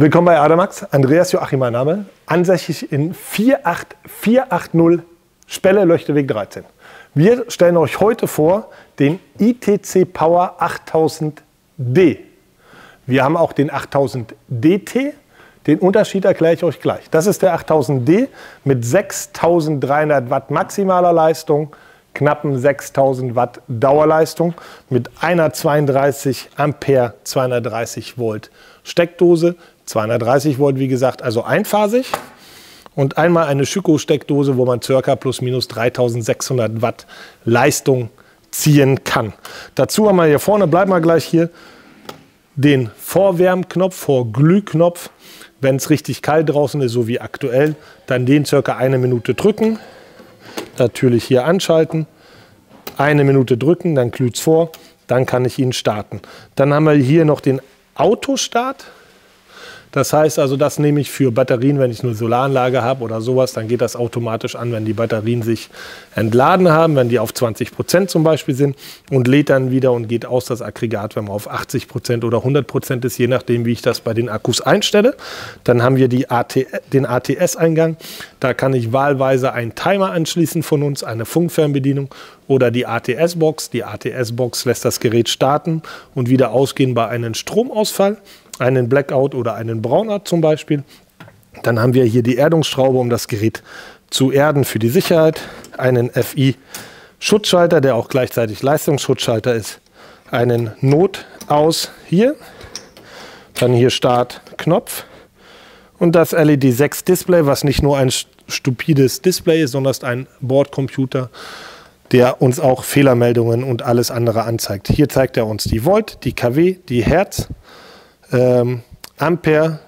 Willkommen bei Adamax. Andreas Joachim, mein Name. Ansässig in 48480 Spelle Löchteweg 13. Wir stellen euch heute vor den ITC Power 8000D. Wir haben auch den 8000DT. Den Unterschied erkläre ich euch gleich. Das ist der 8000D mit 6300 Watt maximaler Leistung, knappen 6000 Watt Dauerleistung mit einer 32 Ampere 230 Volt Steckdose, 230 Volt, wie gesagt, also einphasig. Und einmal eine Schüko-Steckdose, wo man ca. plus minus 3600 Watt Leistung ziehen kann. Dazu haben wir hier vorne, bleiben wir gleich hier, den Vorwärmknopf, Vorglühknopf. Wenn es richtig kalt draußen ist, so wie aktuell, dann den ca. eine Minute drücken. Natürlich hier anschalten. Eine Minute drücken, dann glüht es vor. Dann kann ich ihn starten. Dann haben wir hier noch den Autostart. Das heißt also, das nehme ich für Batterien, wenn ich eine Solaranlage habe oder sowas, dann geht das automatisch an, wenn die Batterien sich entladen haben, wenn die auf 20 Prozent zum Beispiel sind und lädt dann wieder und geht aus das Aggregat, wenn man auf 80 Prozent oder 100 Prozent ist, je nachdem, wie ich das bei den Akkus einstelle. Dann haben wir AT, den ATS-Eingang. Da kann ich wahlweise einen Timer anschließen von uns, eine Funkfernbedienung oder die ATS-Box. Die ATS-Box lässt das Gerät starten und wieder ausgehen bei einem Stromausfall einen Blackout oder einen Brownout zum Beispiel. Dann haben wir hier die Erdungsschraube, um das Gerät zu erden für die Sicherheit. Einen FI-Schutzschalter, der auch gleichzeitig Leistungsschutzschalter ist. Einen Notaus hier. Dann hier Start-Knopf. Und das LED 6 Display, was nicht nur ein stupides Display ist, sondern ist ein Bordcomputer, der uns auch Fehlermeldungen und alles andere anzeigt. Hier zeigt er uns die Volt, die KW, die Hertz ähm, Ampere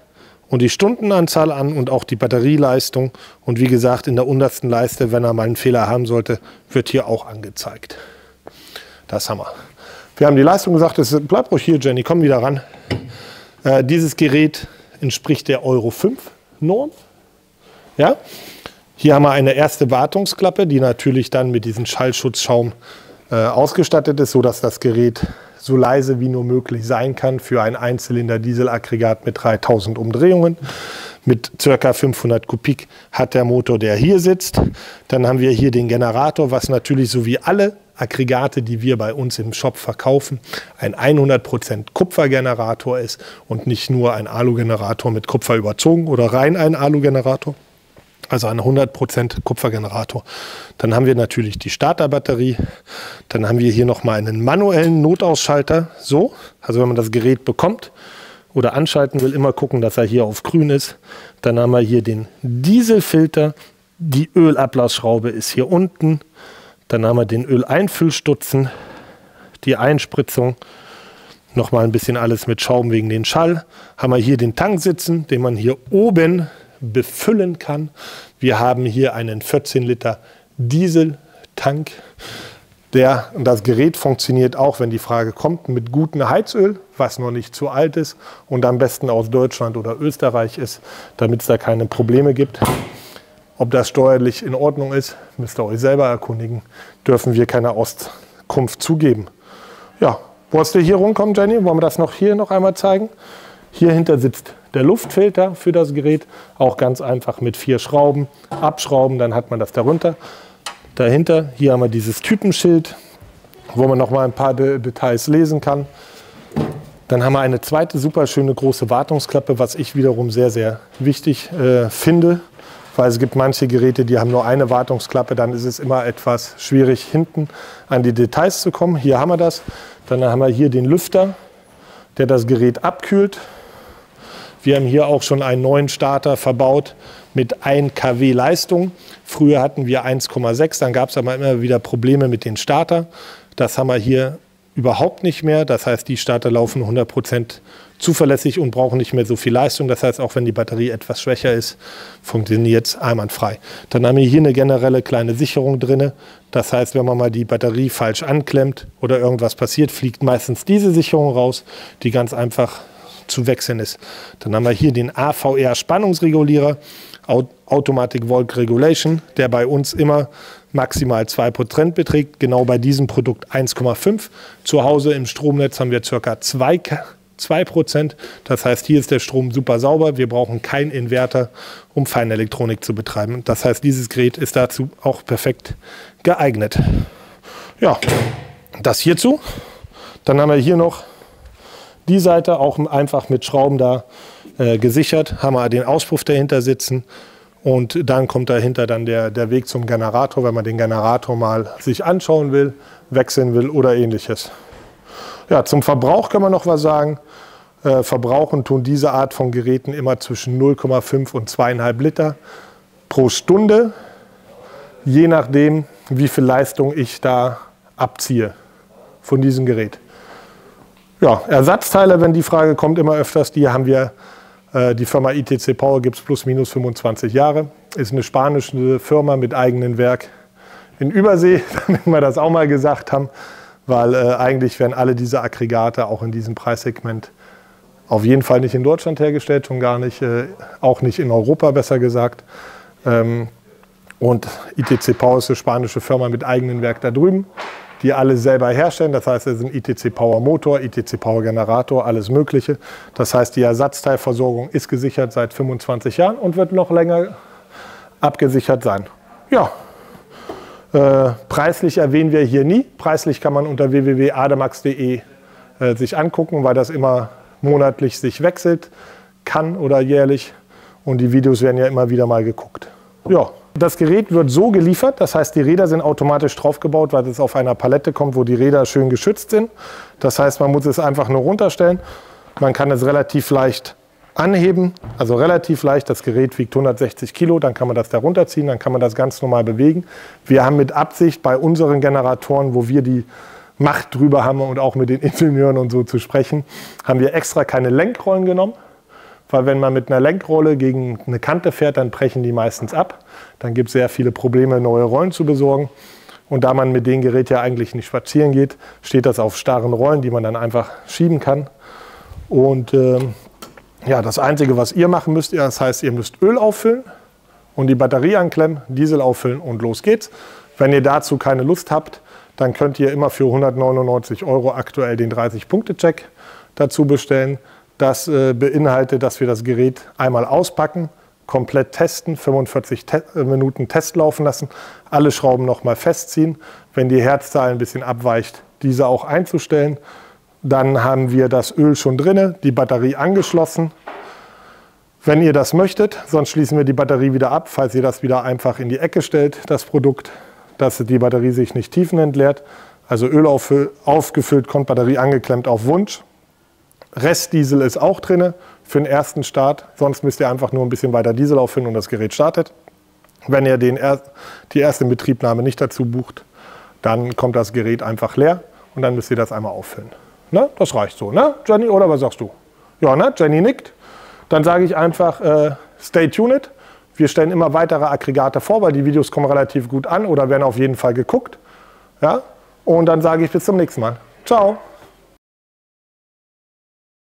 und die Stundenanzahl an und auch die Batterieleistung. Und wie gesagt, in der untersten Leiste, wenn er mal einen Fehler haben sollte, wird hier auch angezeigt. Das haben wir. Wir haben die Leistung gesagt, es bleibt ruhig hier, Jenny, komm wieder ran. Äh, dieses Gerät entspricht der Euro 5 Norm. Ja? Hier haben wir eine erste Wartungsklappe, die natürlich dann mit diesem Schallschutzschaum äh, ausgestattet ist, sodass das Gerät so leise wie nur möglich sein kann für ein Einzylinder-Dieselaggregat mit 3000 Umdrehungen. Mit ca. 500 Kubik hat der Motor, der hier sitzt. Dann haben wir hier den Generator, was natürlich so wie alle Aggregate, die wir bei uns im Shop verkaufen, ein 100% Kupfergenerator ist und nicht nur ein Alugenerator mit Kupfer überzogen oder rein ein Alugenerator. generator also ein 100% Kupfergenerator. Dann haben wir natürlich die Starterbatterie. Dann haben wir hier nochmal einen manuellen Notausschalter. So, also wenn man das Gerät bekommt oder anschalten will, immer gucken, dass er hier auf grün ist. Dann haben wir hier den Dieselfilter. Die Ölablassschraube ist hier unten. Dann haben wir den Öleinfüllstutzen, die Einspritzung. Nochmal ein bisschen alles mit Schaum wegen den Schall. Haben wir hier den Tank sitzen, den man hier oben befüllen kann. Wir haben hier einen 14 Liter Dieseltank. Der, das Gerät funktioniert auch, wenn die Frage kommt, mit gutem Heizöl, was noch nicht zu alt ist und am besten aus Deutschland oder Österreich ist, damit es da keine Probleme gibt. Ob das steuerlich in Ordnung ist, müsst ihr euch selber erkundigen. Dürfen wir keine Auskunft zugeben. Ja, wo hast du hier rumkommen, Jenny? Wollen wir das noch hier noch einmal zeigen? Hier hinter sitzt der Luftfilter für das Gerät. Auch ganz einfach mit vier Schrauben abschrauben, dann hat man das darunter. Dahinter, hier haben wir dieses Typenschild, wo man noch mal ein paar De Details lesen kann. Dann haben wir eine zweite super schöne große Wartungsklappe, was ich wiederum sehr, sehr wichtig äh, finde, weil es gibt manche Geräte, die haben nur eine Wartungsklappe, dann ist es immer etwas schwierig, hinten an die Details zu kommen. Hier haben wir das. Dann haben wir hier den Lüfter, der das Gerät abkühlt. Wir haben hier auch schon einen neuen Starter verbaut mit 1 kW Leistung. Früher hatten wir 1,6, dann gab es aber immer wieder Probleme mit den Starter. Das haben wir hier überhaupt nicht mehr. Das heißt, die Starter laufen 100 zuverlässig und brauchen nicht mehr so viel Leistung. Das heißt, auch wenn die Batterie etwas schwächer ist, funktioniert es einwandfrei. Dann haben wir hier eine generelle kleine Sicherung drin. Das heißt, wenn man mal die Batterie falsch anklemmt oder irgendwas passiert, fliegt meistens diese Sicherung raus, die ganz einfach zu wechseln ist. Dann haben wir hier den AVR Spannungsregulierer, Automatic Volt Regulation, der bei uns immer maximal 2% beträgt, genau bei diesem Produkt 1,5. Zu Hause im Stromnetz haben wir ca. 2, 2%. Das heißt, hier ist der Strom super sauber. Wir brauchen keinen Inverter, um Feinelektronik zu betreiben. Das heißt, dieses Gerät ist dazu auch perfekt geeignet. Ja, das hierzu. Dann haben wir hier noch die Seite auch einfach mit Schrauben da äh, gesichert, haben wir den Auspuff dahinter sitzen. Und dann kommt dahinter dann der, der Weg zum Generator, wenn man den Generator mal sich anschauen will, wechseln will oder ähnliches. Ja, zum Verbrauch kann man noch was sagen. Äh, verbrauchen tun diese Art von Geräten immer zwischen 0,5 und 2,5 Liter pro Stunde, je nachdem, wie viel Leistung ich da abziehe von diesem Gerät. Ja, Ersatzteile, wenn die Frage kommt, immer öfters, die haben wir. Äh, die Firma ITC Power gibt es plus minus 25 Jahre. Ist eine spanische Firma mit eigenem Werk in Übersee, damit wir das auch mal gesagt haben, weil äh, eigentlich werden alle diese Aggregate auch in diesem Preissegment auf jeden Fall nicht in Deutschland hergestellt, schon gar nicht, äh, auch nicht in Europa besser gesagt. Ähm, und ITC Power ist eine spanische Firma mit eigenem Werk da drüben die alle selber herstellen. Das heißt, es sind ITC Power Motor, ITC Power Generator, alles Mögliche. Das heißt, die Ersatzteilversorgung ist gesichert seit 25 Jahren und wird noch länger abgesichert sein. Ja, äh, preislich erwähnen wir hier nie. Preislich kann man unter www.ademax.de äh, sich angucken, weil das immer monatlich sich wechselt kann oder jährlich. Und die Videos werden ja immer wieder mal geguckt. Ja. Das Gerät wird so geliefert, das heißt, die Räder sind automatisch draufgebaut, weil es auf einer Palette kommt, wo die Räder schön geschützt sind. Das heißt, man muss es einfach nur runterstellen. Man kann es relativ leicht anheben, also relativ leicht. Das Gerät wiegt 160 Kilo, dann kann man das da runterziehen, dann kann man das ganz normal bewegen. Wir haben mit Absicht bei unseren Generatoren, wo wir die Macht drüber haben und auch mit den Ingenieuren und so zu sprechen, haben wir extra keine Lenkrollen genommen, weil wenn man mit einer Lenkrolle gegen eine Kante fährt, dann brechen die meistens ab. Dann gibt es sehr viele Probleme, neue Rollen zu besorgen. Und da man mit dem Gerät ja eigentlich nicht spazieren geht, steht das auf starren Rollen, die man dann einfach schieben kann. Und ähm, ja, das Einzige, was ihr machen müsst, das heißt, ihr müsst Öl auffüllen und die Batterie anklemmen, Diesel auffüllen und los geht's. Wenn ihr dazu keine Lust habt, dann könnt ihr immer für 199 Euro aktuell den 30-Punkte-Check dazu bestellen. Das äh, beinhaltet, dass wir das Gerät einmal auspacken, komplett testen, 45 Te äh, Minuten Test laufen lassen, alle Schrauben nochmal festziehen. Wenn die Herzzahl ein bisschen abweicht, diese auch einzustellen. Dann haben wir das Öl schon drin, die Batterie angeschlossen. Wenn ihr das möchtet, sonst schließen wir die Batterie wieder ab, falls ihr das wieder einfach in die Ecke stellt, das Produkt, dass die Batterie sich nicht tiefenentleert. Also Öl aufgefüllt, kommt Batterie angeklemmt auf Wunsch. Restdiesel ist auch drin für den ersten Start. Sonst müsst ihr einfach nur ein bisschen weiter Diesel auffüllen und das Gerät startet. Wenn ihr den er die erste Betriebnahme nicht dazu bucht, dann kommt das Gerät einfach leer und dann müsst ihr das einmal auffüllen. Ne? Das reicht so, ne, Jenny? Oder was sagst du? Ja, ne? Jenny nickt. Dann sage ich einfach, äh, stay tuned. Wir stellen immer weitere Aggregate vor, weil die Videos kommen relativ gut an oder werden auf jeden Fall geguckt. Ja? Und dann sage ich bis zum nächsten Mal. Ciao.